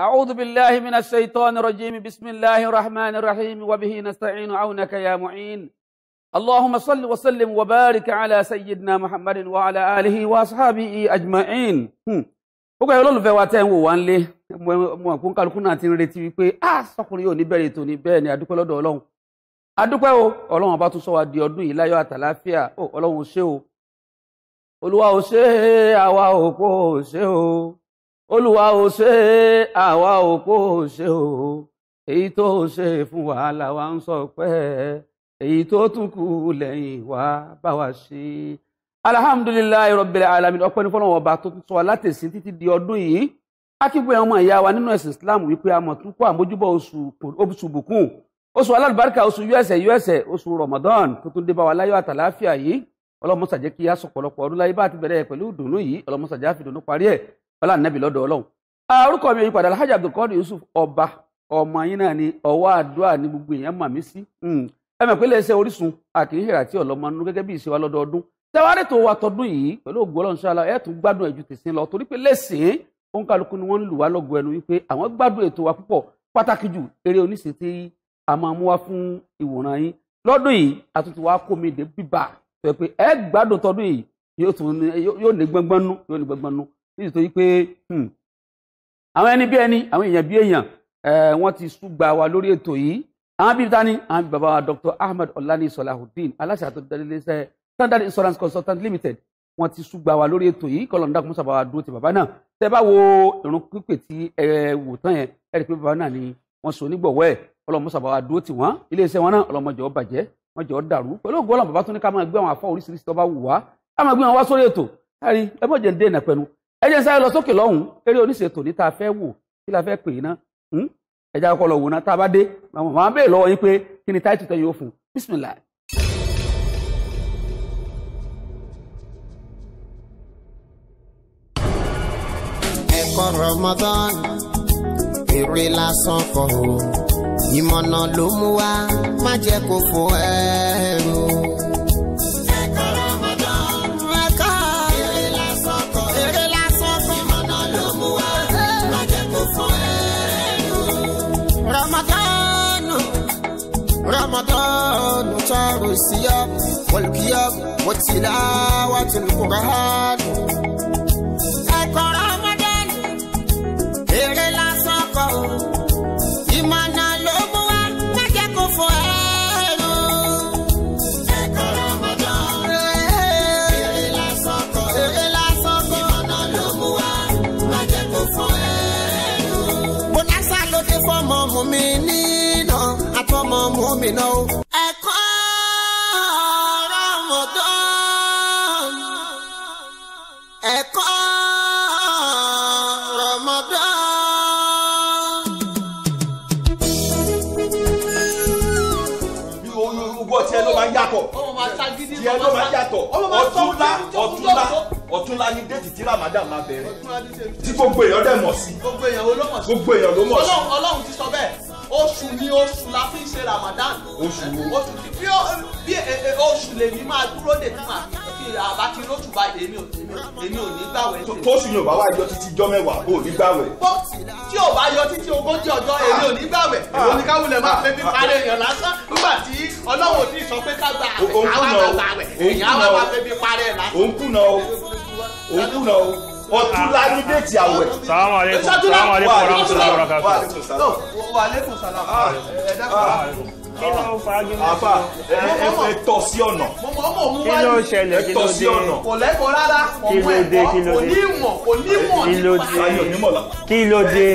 أعوذ بالله من الشيطان الرجيم بسم الله الرحمن الرحيم وبه نستعين عونك يا معين اللهم صل وسلم وبارك على سيدنا محمد وعلى آله وأصحابه أجمعين gbogbo ẹ̀rọ olùfẹ́ wa tẹ́ wá ń lé mo náà ti ń retí wípé a ah, sọkùnrin yóò ní bẹ̀rẹ̀ ètò ní bẹ́ẹ̀ ni adúpẹ́ lọ́dọ̀ ọlọ́run adúpẹ́ o ọlọ́run ọba tún sọ wa di ọdún yìí láyọ̀ àtàláfíà oh, ọlọ́run ṣé o olúwa ò ṣe é àwa òpó ṣe o olúwa ò ṣe é àwa òpó ṣe o èyí tó ṣe fún wa làwa ń sọ pé èyí tó tún kù lẹ́yìn wa bá wa ṣe alhamdulilayi rabbil alamin ọpẹ́ ní fọlọ́wọ́n ọba tó tún sọ wa látẹ̀sí títí di ọdún yìí akígbé ọmọ ìyá wa nínú ẹ̀sìn islam wípé a mọ̀ tún kó àmójúbọ̀ oṣù bùkún oṣù alálùbáríkà oṣù usa usa oṣù ramadan tó tún dé bá wa láyọ̀ àtàláfíà yìí ọlọ́mọsà jẹ́ kí a sọ̀pọ̀lọpọ̀ ọdún láyé bá ti bẹ̀rẹ̀ pẹ̀lú ìdùnnú yìí ọlọ́mọsà jẹ́ àfìdùnnú parí ẹ̀ ọlá nẹ́bì lọ́dọ̀ ọlọ́run. orúkọ mi yìí padà alhaji abdulkadir yusuf ọba ọmọ yín náà ni ọwọ́ àdúrà ní gbogbo èèyàn mà mí sí. Hmm, ẹ mọ̀ pé lẹ́sẹ̀ orísun àkìrí hìrà tí ọlọ́mọ nínú gẹ́gẹ́ bí ìṣe wa lọ́dọọdún. tẹ́wárẹ́ tó wa tọdún yìí pẹ̀lú ògùn ọlọ́run ṣáàlà ẹ̀ tún gbádùn ẹ̀jú tẹ̀sìn lọ torí pé lẹ́sìn òun tó yẹ pé ẹ gbádùn tọdún yìí yóò tún yóò ní gbọ́ngbọ́n nú yóò ní gbọ́ngbọ́n nú nítorí pé hmm, àwọn ẹni bí ẹni àwọn èèyàn bí èèyàn wọ́n ti súgbà wa lórí ètò yìí àwọn bíi tani àwọn bíi bàbá wa Dr. Ahmed Ọláni Salahuddin aláṣẹ àtọ́jọ́dẹ́lẹ́sẹ̀ Standard Insurance Consultant Limited wọ́n ti súgbà wa lórí ètò yìí kọlọ̀ ń dákun sábà wa dúró ti bàbá náà tẹ́ bá wo ìrun pípé tí ẹ wò tán yẹn ẹ rí i pé bàbá náà ni wọ́n so onígbọ̀wọ́ ẹ̀ ọlọ́mọ sábà wa dúró ti wọ́n iléeṣẹ́ wọn náà ọlọ́mọ jọ̀ọ́ bàjẹ́ wọ́n jọ dàrú pẹ̀lú ògbó ọlọ́run bàbá tún ní ká máa gbé àwọn afọ oríṣiríṣi tó bá wù wá ká máa gbé wọn wá sórí ètò ẹ̀rí ẹ mọ̀ jẹ́ ń dènà pẹ̀lú ẹ jẹ́ sáré lọ sókè lọ́hùn eré oníṣètò ní ta fẹ́ wò kí la fẹ́ pè é ná hmm? ẹ jẹ́ akọ́lọ̀ wò ná tá a bá dé màmá bẹ́ẹ̀ lọ́wọ́ yín pé kí ni táìtù tẹ́ yóò fún bísímìlà ẹ̀kọ́ Ramadan eré lásán kọ́ ìmọ̀nà ló mú wá má jẹ́ kó fò ẹrù. رمضان شهر الصيام والقيام وتلاوة القرآن yàtọ̀ tiẹ̀ ló máa yàtọ̀ ọ̀túnla ọ̀túnla ọ̀túnla ni déètì tí ramadan máa bẹ̀rẹ̀ tí gbogbo èèyàn dẹ̀ mọ̀ sí gbogbo èèyàn ló mọ̀ sí ọlọ́run ti sọ bẹ́ẹ̀ oṣù ni oṣù la fi ń ṣe ramadan oṣù wo oṣù e- e- lèmi máa dúró dè tí màá fi àbá ti lóṣù bá èmi ò èmi ò ní gbàwẹ̀. tóṣù yóò bá wá yọ títí jọ mẹ́wàá o ò ní gbàwẹ̀. bọ́ọ̀sì tí ò bá yọ títí ogójì ọjọ́ èmi ò ní gbàwẹ̀. Ah. èwo ni káwulẹ̀ máa fẹ́ bí parẹ́ èèyàn lásán nígbà tí ọlọ́run ò ní sọ pé ká gba àwẹ̀ àwa máa gba àwẹ̀ èèyàn àwa máa fẹ́ bí parẹ́ ẹ̀ lásán. òǹkùnà o òǹkùnà o ọ̀túnla ní déètì àwẹ̀. salamu aleykum salamu aleykum wa rahmatulahi wa barakatuh. wa aleykum salam kí ló fa kí ló fa ẹ tọ́ sí ọ̀nà kí ló ṣẹlẹ̀ kí ló dé kò lẹ́kọ̀ọ́ rárá kí ló dé kí ló dé kí ló dé kí ló dé.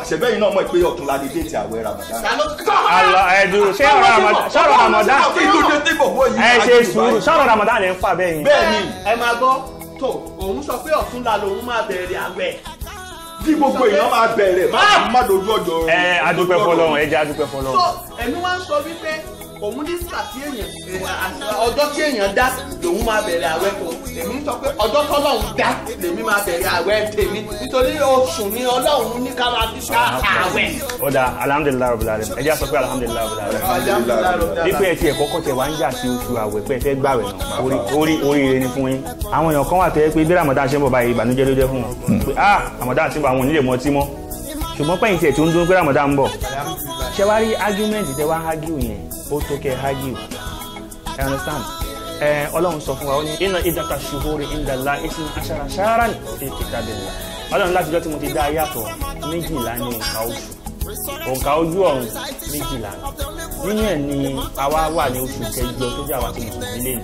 àṣẹbẹ́ yìí náà mọ̀ pé ọ̀tún la lè dé ti àwẹ̀ Ramadan. àlọ ẹ̀dùn ṣé ọ̀rọ̀ Ramadan ẹ ṣe sùúrù ṣọ̀rọ̀ Ramadan lè ń fà bẹ́ẹ̀ yìí. bẹ́ẹ̀ ni ẹ máa gbọ́ tó òun sọ pé ọ̀tún la lòun máa bẹ̀rẹ̀ àwẹ̀ bí gbogbo èèyàn máa bẹ̀rẹ̀ má dojú ọjọ́ rẹ̀. ẹ adúpẹ́ fọlọ́run ẹ jẹ́ adúpẹ́ fọlọ́run. so ẹ̀mí wá ń sọ wípé kò mú ní sàtí èèyàn ọjọ́ tí èèyàn dá lòun máa bẹ̀rẹ̀ àwẹ̀ kọ èmi ń sọ pé ọjọ́ tọ́lọ́run dá lèmi máa bẹ̀rẹ̀ àwẹ̀ tèmi nítorí oṣù ni ọlọ́run ní ká máa fi ká àwẹ̀. ó dáa alhamdulilayi rabbil alamin ẹ jẹ́ sọ pé alhamdulilayi rabbil alamin bí ẹ ti ẹ̀kọ́ kọ̀tẹ̀ wá ń jà sí oṣù àwẹ̀ pé ẹ fẹ́ gbàwẹ̀ orí oríire ni fún yín àwọn èèyàn kan wà tẹ́ pé bí ramadan ṣe báyìí ìbànújẹ́ ló jẹ́ fún wọn hmm. pé ah ramadan ti ń bọ̀ àwọn onílé mọ́ tí mọ́ ṣùgbọ́n pẹ̀yìntì ẹ̀ tó ń dún pé ramadan ń bọ̀ ṣe argument tẹ́ wá argue yẹn ó tó kẹ́ hágìw ẹ understand ẹ ọlọ́run sọ fún wa ó inda la ìdàkà ṣubúrí ìdàlá ìsìn aṣara ṣáárà ní kìtàbílà ọlọ́run láti jọ́ tí mo ti dá yàtọ̀ méjìlá O nǹkan oṣù òǹkà ojú ọ̀run méjìlá nínú ẹ̀ ni àwa wà ní oṣù kẹjọ tó jẹ́ àwa ti mùsùlùmí lẹ́nu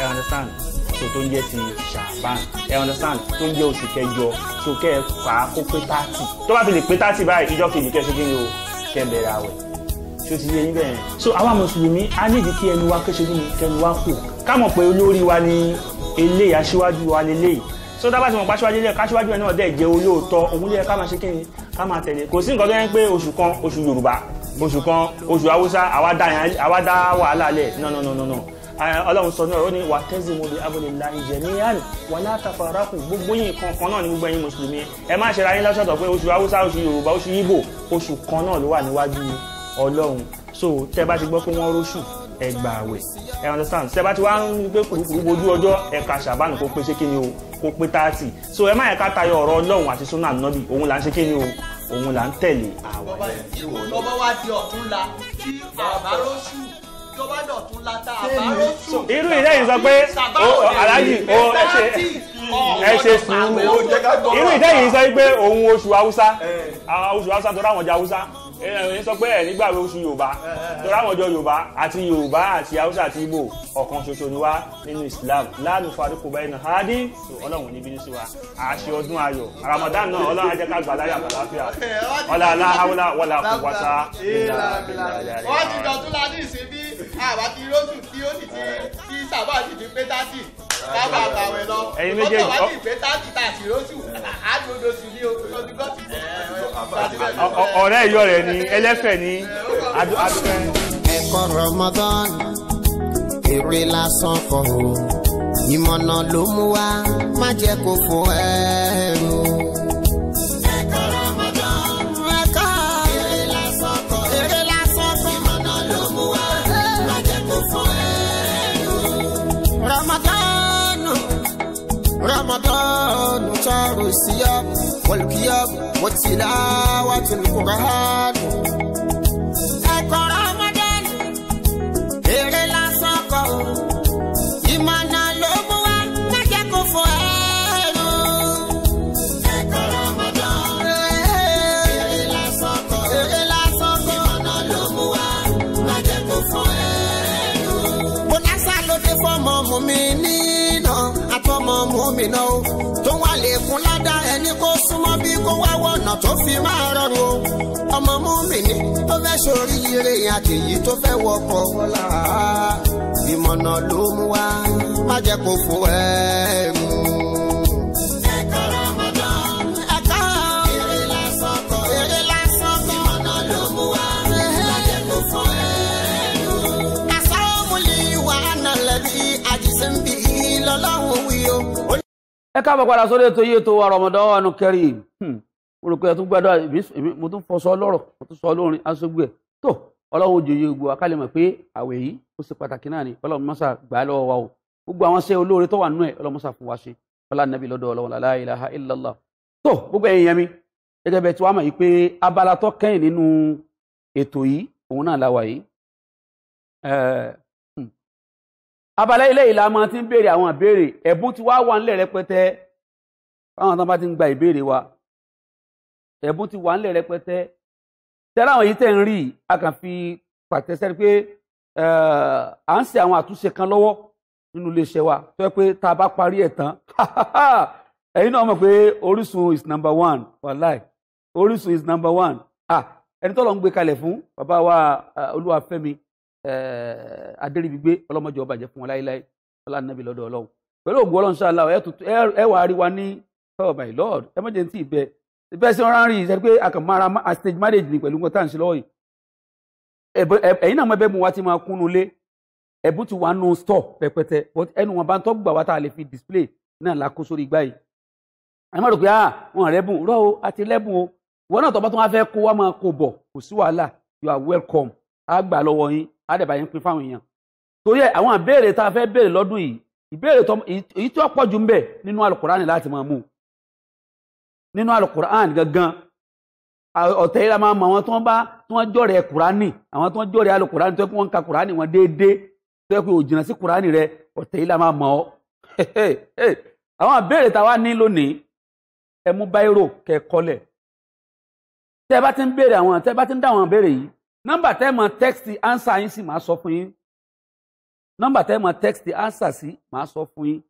ẹ understand so tó ń jẹ́ ti ṣàbán ẹ understand tó ń jẹ́ oṣù kẹjọ so kẹ́ ẹ fà á kó pé tààtì tó bá fi lè pé tààtì báyìí ìjọ kejì kẹ́ ni o kẹ́ ẹ bẹ̀rẹ̀ tí ó ti yé yín bẹ́ẹ̀ so àwa mùsùlùmí a nídìí kí ẹnu wa kéṣe nínú kẹnu wa kù ká mọ̀ pé olórí wa ni eléyìí aṣíwájú wa leléyìí so dábàá tí mo pàṣíwájú ilé káṣíwájú ẹ náà dẹ̀ jẹ́ olóòótọ́ òun lé ká máa ṣe kí ni ká máa tẹ̀lé kò sí nǹkan tó yẹn pé oṣù kan oṣù yorùbá oṣù kan oṣù haúsá àwa dá wàhálà lẹ̀ no no no no no ọlọ́run sọ náà ó ní wà tẹ́sí mo lè abúlé la ìjẹ́ ní yánnì wà látàfàràkù gbogbo yìí kan kan náà ní gbogbo ẹ̀yin mùsùlùmí ẹ má ṣe ra yín lọ́sọ̀tọ̀ pé oṣù haúsá oṣù yorùbá oṣù yíbò oṣù kan náà ló wà níwájú ọlọ́run so tẹ́ bá ti gbọ́ pé wọ́n róṣù ẹ gbà àwẹ̀ ẹ understand tẹ́ bá ti wá ń gbé kùrùkùrù bojú ọjọ́ ẹ ka ṣàbánu kó pé ṣé kí ni o kó pé táàtì so ẹ má yẹ ká tayọ ọ̀rọ̀ ọlọ́run àti sunan nọ́bì òun là ń ṣe kí ni o òun là ń tẹ̀lé àwẹ̀. bọ́bá wa di ọ̀tún la kí àbá róṣù tó bá dọ̀tún la tá àbá róṣù. irú ilé yìí sọ pé aláàjì ó ẹ ṣe ẹ ṣe sùúrù irú ilé yìí sọ pé òun oṣù haúsá oṣù haúsá tó ráwọn jẹ haúsá ẹ̀yin sọ pé ẹ̀ nígbàgbé oṣù yorùbá torí àwọn ọjọ́ yorùbá àti yorùbá àti haúsá àti ìgbò ọ̀kan ṣoṣo ni wá nínú islam láàánú farukú báyìí náà hádì ọlọ́run ní bínú sí wa àṣẹ ọdún ayọ̀ ramadan náà ọlọ́run ajẹ́ ká gbà láyà àlàáfíà ọ̀làlá haúlá wọlá kùwàtà ìlà ìlà ìlà ìlà. wọ́n ti dọ̀tún la ní ìsinmi àwa ti rótù tí ó sì ti tí sábà sì ti pé tásì sábà àbàwẹ̀ lọ. ẹ̀yin méjèèjì ọkọ̀ wa ti pé tásì tàṣì rótù àádọ́dọ̀ sí ní o ọ̀rẹ́ ìyọ́ rẹ̀ ni ẹlẹ́fẹ̀ ni adúfẹ́. ẹ̀kọ́ Ramadan èrè lásán kọ́ o ìmọ̀nà ló mú wa má jẹ́ kó fún ẹrù. Russia, Volkia, Mozilla, what's in Kogahan? gómìnà o tó wà lè kún ládà ẹni kó súnmọ́ bí kó wá wọ̀nà tó fi máa rọrùn o ọmọ múmìnì tó fẹ́ ṣoríire àtẹ̀yí tó fẹ́ wọkọ̀ wọlá ìmọ̀nà ló mú wa má jẹ́ kó fún ẹ mú. ẹ káàbọ̀ padà sórí ètò yìí ètò wa Ramadan Kareem hmm. mo rò pé ẹ tún gbádùn èmi mo tún fọṣọ lọ́rọ̀ mo tún sọ lórin aṣojú ẹ̀ tó ọlọ́run òjòyè gbogbo akálẹ̀ mọ̀ pé àwẹ̀ yìí ó ṣe pàtàkì náà ni ọlọ́run mọ́sà gbà lọ́wọ́ wa o gbogbo àwọn ṣe olóore tó wà nú ẹ̀ ọlọ́run mọ́sà fún wa ṣe ọlá nàbí lọ́dọ̀ ọlọ́run abala la ìlàmọ tí ń béèrè àwọn ìbéèrè ẹ̀bùn ti wá wà ńlẹ̀ rẹpẹtẹ fáwọn tó bá ti ń gba ìbéèrè wa ẹ̀bùn ti wà ńlẹ̀ rẹpẹtẹ tẹ́lá àwọn èyí tẹ̀ ń rí a kàn fi pàtẹ sẹ́ni pé à ń ṣe àwọn àtúnṣe kan lọ́wọ́ nínú iléeṣẹ́ wa tó yẹ pé tá a bá parí ẹ̀ tán ẹ̀yin náà mọ̀ pé Orísun is number one wàláì Orísun is number one ẹni tó lọ ń gbé kalẹ̀ fún bàbá wa Olúwafẹ́mi Eh, adéríbigbé ọlọ́mọjọ bàjẹ́ fún wọn láéláé ọlá nàbí lọ́dọ̀ ọlọ́run pẹ̀lú ògùn ọlọ́run ṣáà láwọ̀ ẹ wàá rí wa ní oh my lord emergency ibẹ̀ ibẹ̀ sí ọ̀rá ń rí ìṣẹ́ pé àkànmára stage marriage ni pẹ̀lú nǹkan tá à ń ṣe lọ́wọ́ yìí ẹ̀yin náà mọ ẹbẹ́ mu wa ti máa kúnnu lé ẹ̀bùn ti wà nù store pẹpẹtẹ but ẹnu wọn bá ń tọ́gbà wa tá a lè fi display náà la kó sórí igbá yìí ẹ má rò pé ah wọn rẹ́bùn rọ́ o àti lẹ́bùn o wọn náà tọ́ bá tó wá fẹ́ kó wa máa kó bọ̀ kò sí wàhálà you are welcome á gbà lọ́wọ́ yín àdẹ̀bà yẹn ń pín fáwọn èèyàn torí ẹ àwọn àbẹ̀rẹ̀ tá a fẹ́ bẹ̀rẹ̀ lọ́dún yìí ìbéèrè tó èyí tí pọ̀ jù ń bẹ nínú alukur'an láti máa mú nínú alukur'an gangan ọ̀tẹ̀ yìí la máa mọ àwọn tí wọ́n bá tí wọ́n jọ̀rẹ̀ kur'ani àwọn tí wọ́n jọ̀rẹ̀ alukur'ani tó yẹ kí wọ́n ka kur'ani wọn déédéé tó yẹ kí o jìnnà sí kur'ani rẹ ọ̀tẹ̀ yìí la máa mọ ọ́ àwọn àbẹ̀rẹ̀ tá a wá ní lónìí ẹ mú báírò kẹ́ kọ́lẹ̀ tẹ́ bá ti ń béèrè àwọn tẹ́ bá ti ń dá àwọn àbẹ̀rẹ̀ yìí nọ́mbà tẹ́ mọ tẹ́kìtì ánsà yín sì máa sọ fún yín nọ́mbà tẹ́ mọ tẹ́kìtì ánsà sí máa sọ fún yín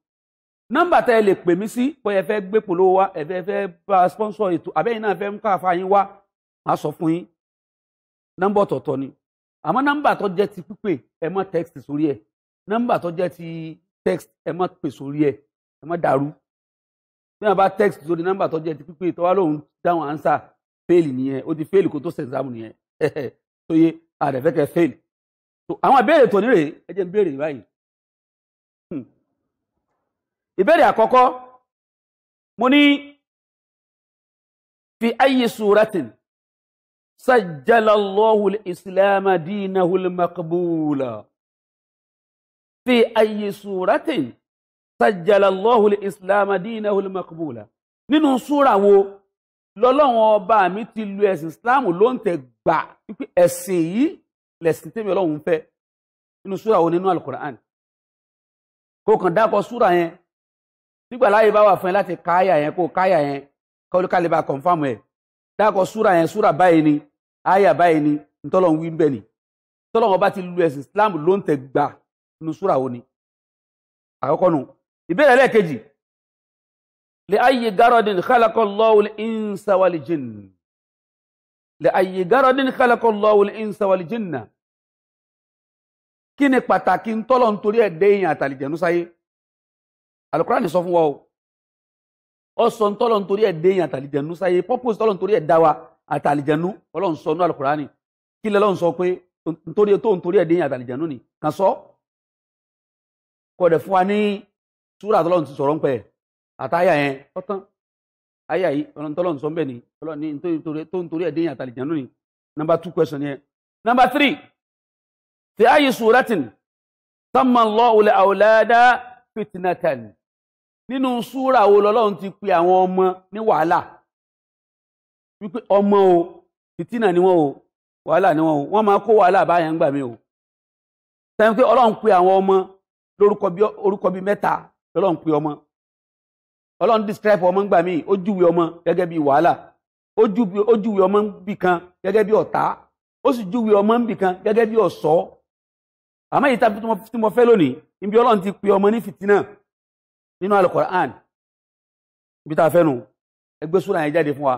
nọ́mbà tẹ́ lè pè mí sí bóyá ẹ fẹ́ gbé polówó wá ẹ fẹ́ fẹ́ bá sponsor ètò àbẹ́yìn náà fẹ́ mú káfa yín wá máa sọ fún yín nọ́mbà ọ̀tọ̀ọ̀tọ̀ ni àmọ́ nọ́mbà tó jẹ́ ti pípè ẹ mọ tẹ́kìtì sórí ẹ̀ nọ́mbà tó jẹ́ ti tẹ́kìtì ẹ mọ pè sórí ẹ̀ ẹ mọ dàrú bí wọn bá tẹ́kìtì sórí nọ́mbà tó jẹ́ ti pípè tọ́wá lòun dáhùn ánsà fẹ́ẹ̀lì nìyẹn ó ti fẹ́ẹ̀lì kó tó ṣe exam nìyẹn tó yé àdẹ̀fẹ́kẹ́ fail so àwọn ìbéèrè tó ní rè é jẹ́ ń béèrè báyìí hmm. ìbéèrè àkọ́kọ́ mo ní fi ayyi suratin sajjalallahu al-islama dinahu al-maqbula fi ayyi suratin sajjalallahu al-islama dinahu al nínú súra wo lọ́lọ́run ọba mi ti lu ẹ̀sìn islam ló ń tẹ̀ gbà wípé ẹ̀sìn yìí lẹ̀sìn tẹ́mi ọlọ́run fẹ́ nínú súra wo nínú alukur'an kó kàn dákọ̀ súra yẹn nígbà láyé bá wà fún ẹ láti káyà yẹn kó káyà yẹn kọ́lùkálẹ̀ bá kọ̀nfàmù ẹ̀ dákọ̀ súra yẹn súra báyìí ni àyà báyìí ni ntọ́lọ̀ ń wí bẹ́ẹ̀ ni tọ́lọ̀ wọn bá ti lu ẹ̀sìn Islam ló ń tẹ̀ gbà nínú súra wo ni àkọ́kọ́ nu ìbéèrè ẹlẹ́ẹ̀kejì lè ayé gárọ́dìn khalaqallahu al-insa wal jinn lẹ́yìn gárọ́dín kálẹ́kọ̀ọ́ lọ́wọ́ ìǹsà wàlí jìnnà kí ni pàtàkì ń tọ́lọ̀ nítorí ẹ̀dẹ́ èèyàn àtàlìjẹ̀nú sáyé alukurani sọ fún wa o ọ sọ ń tọ́lọ̀ nítorí ẹ̀dẹ́ èèyàn àtàlìjẹ̀nú sáyé purpose tọ́lọ̀ nítorí ẹ̀dá wa àtàlìjẹ̀nú ọlọ́run sọ ní alukurani kí lọ́lọ́run sọ pé nítorí tó nítorí ẹ̀dẹ́ èèyàn àtàlìjẹ̀nú ni kàn sọ kọ́ dẹ̀ fún wa ní súrà tọ́lọ́run ti sọ̀rọ̀ ń pẹ́ àtàyà yẹn ọ̀tán ayé àyí ọlọ́ntọ́lọ́n sọ bẹ́ẹ̀ ni ọlọ́ni tó ń torí ẹ̀dín àtàlìjànú ni nọmba two question yẹn nọmba three fi ayé sùúrẹ́tìn sọ́mọ́lọ́ olè àwòlẹ́dá fìtìnàtàn nínú wo ti àwọn ọmọ ní wàhálà wípé ọmọ o fìtínà ni wọn o wàhálà ni wọn o wọn máa kó wàhálà báyà ń gbà mí o sẹ́yìn ọmọ lórúkọ bíi mẹ́ta lọ́lọ́run ọmọ ọlọ́run describe ọmọ ńgbà míì ó júwe ọmọ gẹ́gẹ́ bí wàhálà ó júwe ọmọ ńbì kan gẹ́gẹ́ bí ọ̀tá ó sì júwe ọmọ ńbì kan gẹ́gẹ́ bí ọ̀ṣọ́ àmọ́ èyí tí mo fẹ́ lónìí níbi ọlọ́run ti pe ọmọ ní fìtínà nínú Al-Qur'an ibi tá a fẹ́ nu ẹgbẹ́ sùúrà yẹn jáde fún wa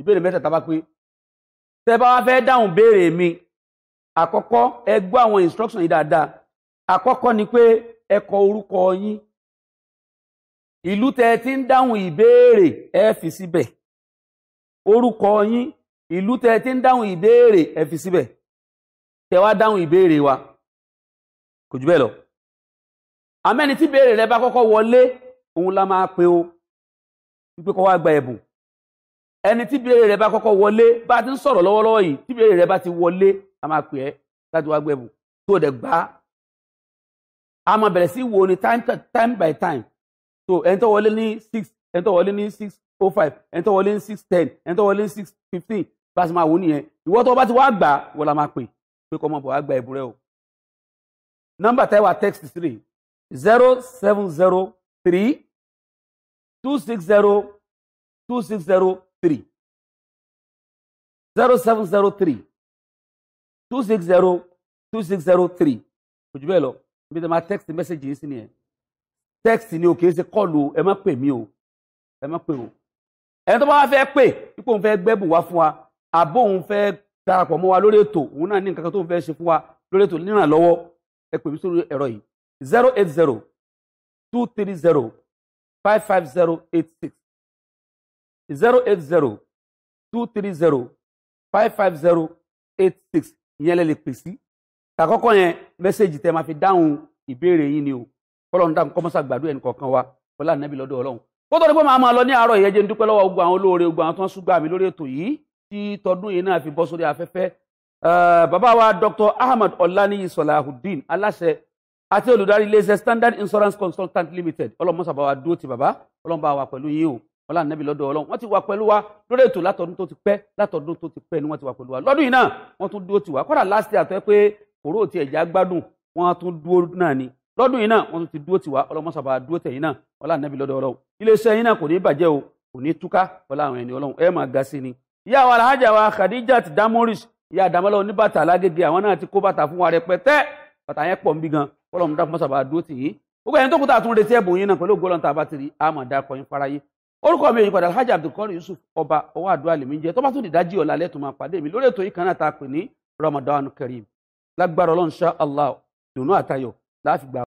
ìbéèrè mẹ́tẹ̀ẹ̀ta bá pé tẹ́ bá wá fẹ́ dáhùn béèrè mi àkọ́kọ́ ẹ àwọn instruction yìí dáadáa àkọ́kọ́ ni pé ẹ orúkọ yín ìlú tẹ́ ti ń dáhùn ìbéèrè ẹ fi síbẹ̀ orúkọ yín ìlú tẹ́ ti ń dáhùn ìbéèrè ẹ fi síbẹ̀ tẹ́ wá dáhùn ìbéèrè wa kò jù bẹ́ẹ̀ lọ amẹ́ni tí béèrè rẹ bá kọ́kọ́ wọlé òun la máa pe o wípé kó wá gba ẹ̀bùn ẹni tí béèrè rẹ bá kọ́kọ́ wọlé bá ti ń sọ̀rọ̀ lọ́wọ́lọ́wọ́ yìí tí béèrè rẹ bá ti wọlé a máa pè ẹ́ láti wá gba ẹ̀bùn tó dẹ̀ gbá a máa bẹ̀rẹ̀ sí wo ni time, time by time so ẹni tó wọlé ní six ẹni tó wọlé ní six oh five ẹni tó wọlé ní six ten ẹni tó wọlé ní six fifteen bá a ti máa wò nìyẹn ìwọ tó bá ti wá gbà wọ́n la máa pè pé kọ́ ọmọ bọ̀ wá gba ìbúrẹ́ o nọ́mbà táyà text three zero seven zero three two six zero two six zero three zero seven zero three two six zero two six zero three kò jù bẹ́ẹ̀ lọ ibi tí a text message yìí sí nìyẹn text ni o kì í ṣe kọ́ọ̀lù ẹ má pè mí o ẹ má pè o ẹni tó bá wá fẹ́ pè ipò òun fẹ́ gbẹ́bùn wá fún wa àbó òun fẹ́ darapọ̀ mọ́ wa lórí ètò òun náà ní nǹkan kan tó ń fẹ́ ṣe fún wa lórí ètò nírànlọ́wọ́ ẹ pè mí sórí ẹ̀rọ yìí zero eight zero two three zero five five zero eight six zero eight zero two three zero five five zero eight six ìyẹn lè lè pè sí tàkọ́kọ́ yẹn mẹ́sẹ̀gì tẹ́ máa fi dáhùn ìbéèrè yín ni o kọ́lọ́n dàm kọ́mọ́sá gbàdúrà ẹnì kọ̀ọ̀kan wa pẹ̀lú ànábì lọ́dọ̀ ọlọ́run kó tó ní pé màá máa lọ ní àárọ̀ ìyẹn jẹ́ ń dúpẹ́ lọ́wọ́ gbogbo àwọn olóore gbogbo àwọn tó ń súgbà mí lórí ètò yìí tí tọdún yìí náà fi bọ́ sórí afẹ́fẹ́ eh, bàbá wa Dr. Ahmad Ọláníyì Salahuddin aláṣẹ àti olùdarí iléeṣẹ́ Standard Insurance Consultant Limited ọlọ́mọṣà bá wa dúró ti bàbá ọlọ́mọba wa pẹ̀lú yín o ọlá nàbí lọ́dọ̀ ọlọ́run wọ́n ti wà pẹ̀lú wa lórí ètò látọdún tó ti pẹ́ látọdún tó ti pẹ́ ni wọ́n ti wà pẹ̀lú wa lọ́dún yìí náà wọ́n tún dúró ti wà kọ́dà last year àtọ́ pé kòró ti ẹ̀já gbádùn wọ́n tún dúró náà ni lọ́dún yìí náà wọ́n tún ti dúró tiwa ọlọ́mọ́sàbà dúró tẹ̀yìn náà ọlá ànábì lọ́dọ̀ ọlọ́run iléeṣẹ́ yín náà kò ní bàjẹ́ o kò ní túká ọlá àwọn ẹni ọlọ́run ẹ máa ga sí ni. ìyá wa alhaja wa khadijat damoris ìyá àdàmọ́lá oníbàtà alágége àwọn náà ti kó bàtà fún wa rẹpẹtẹ bàtà yẹn pọ̀ nbí gan ọlọ́run dàkúmọ́sàbà dúró tì yín. gbogbo ẹni tó kúta àtúndé tí ẹ̀bùn yín náà pẹ̀lú ògbólọ́n yusuf ọba ọwọ́ àdúrà lèmi jẹ́ tó bá tún dìdájí ọ̀la lẹ́tùn máa pàdé mi lórí ètò ramadan kareem lágbára ọlọ́run ṣá allah dùnú àtayọ̀ láàfin gbà